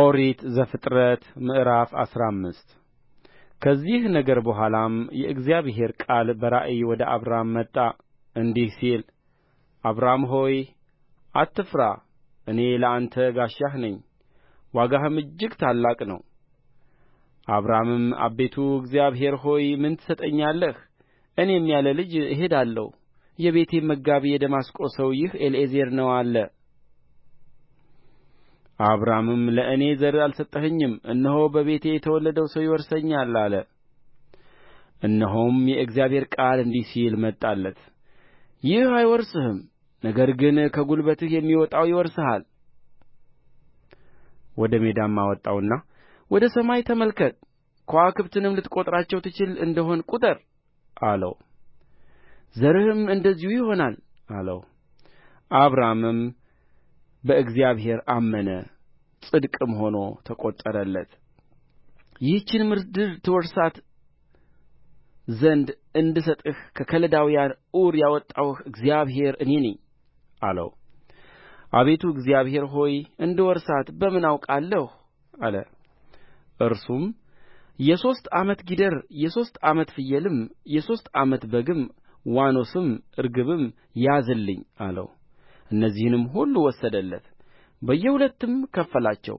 ኦሪት ዘፍጥረት ምዕራፍ አስራ አምስት ከዚህ ነገር በኋላም የእግዚአብሔር ቃል በራእይ ወደ አብራም መጣ እንዲህ ሲል አብራም ሆይ አትፍራ እኔ ለአንተ ጋሻህ ነኝ ዋጋህም እጅግ ታላቅ ነው አብራምም አቤቱ እግዚአብሔር ሆይ ምን ትሰጠኛለህ እኔም ያለ ልጅ እሄዳለሁ የቤቴም መጋቢ የደማስቆ ሰው ይህ ኤሊዔዘር ነው አለ አብራምም ለእኔ ዘር አልሰጠኸኝም እነሆ በቤቴ የተወለደው ሰው ይወርሰኛል አለ እነሆም የእግዚአብሔር ቃል እንዲህ ሲል መጣለት ይህ አይወርስህም ነገር ግን ከጉልበትህ የሚወጣው ይወርስሃል ወደ ሜዳም አወጣውና ወደ ሰማይ ተመልከት ከዋክብትንም ልትቈጥራቸው ትችል እንደ ሆነ ቍጠር አለው ዘርህም እንደዚሁ ይሆናል አለው አብራምም በእግዚአብሔር አመነ ጽድቅም ሆኖ ተቈጠረለት ይህችን ምድር ትወርሳት ዘንድ እንድሰጥህ ከከለዳውያን ዑር ያወጣሁህ እግዚአብሔር እኔ ነኝ አለው አቤቱ እግዚአብሔር ሆይ እንድወርሳት በምን አውቃለሁ አለ እርሱም የሦስት ዓመት ጊደር የሦስት ዓመት ፍየልም የሦስት ዓመት በግም ዋኖስም ርግብም ያዝልኝ አለው እነዚህንም ሁሉ ወሰደለት በየሁለትም ከፈላቸው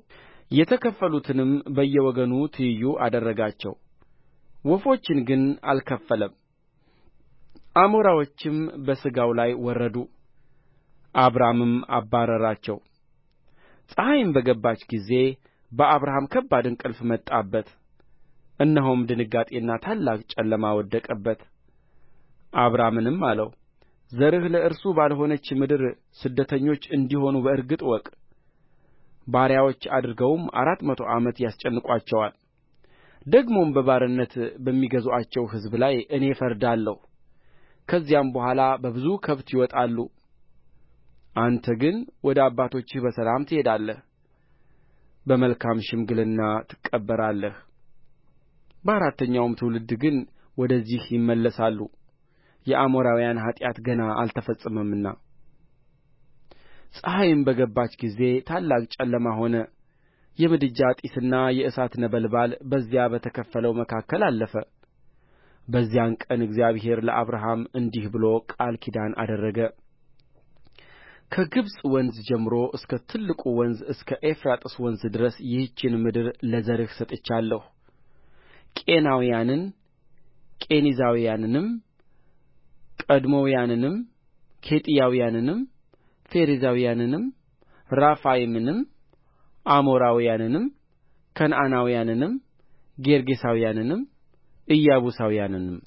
የተከፈሉትንም በየወገኑ ትይዩ አደረጋቸው ወፎችን ግን አልከፈለም አሞራዎችም በሥጋው ላይ ወረዱ አብራምም አባረራቸው ፀሐይም በገባች ጊዜ በአብርሃም ከባድ እንቅልፍ መጣበት እነሆም ድንጋጤና ታላቅ ጨለማ ወደቀበት አብራምንም አለው ዘርህ ለእርሱ ባልሆነች ምድር ስደተኞች እንዲሆኑ በእርግጥ እወቅ ባሪያዎች አድርገውም አራት መቶ ዓመት ያስጨንቋቸዋል ደግሞም በባርነት በሚገዙአቸው ሕዝብ ላይ እኔ እፈርዳለሁ ከዚያም በኋላ በብዙ ከብት ይወጣሉ አንተ ግን ወደ አባቶችህ በሰላም ትሄዳለህ በመልካም ሽምግልና ትቀበራለህ በአራተኛውም ትውልድ ግን ወደዚህ ይመለሳሉ የአሞራውያን ኃጢአት ገና አልተፈጸመምና ፀሐይም በገባች ጊዜ ታላቅ ጨለማ ሆነ የምድጃ ጢስና የእሳት ነበልባል በዚያ በተከፈለው መካከል አለፈ በዚያን ቀን እግዚአብሔር ለአብርሃም እንዲህ ብሎ ቃል ኪዳን አደረገ ከግብፅ ወንዝ ጀምሮ እስከ ትልቁ ወንዝ እስከ ኤፍራጥስ ወንዝ ድረስ ይህችን ምድር ለዘርህ ሰጥቻለሁ ቄናውያንን ቄኔዛውያንንም ቀድሞናውያንንም ኬጢያውያንንም ፌርዛውያንንም ራፋይምንም አሞራውያንንም ከነዓናውያንንም ጌርጌሳውያንንም ኢያቡሳውያንንም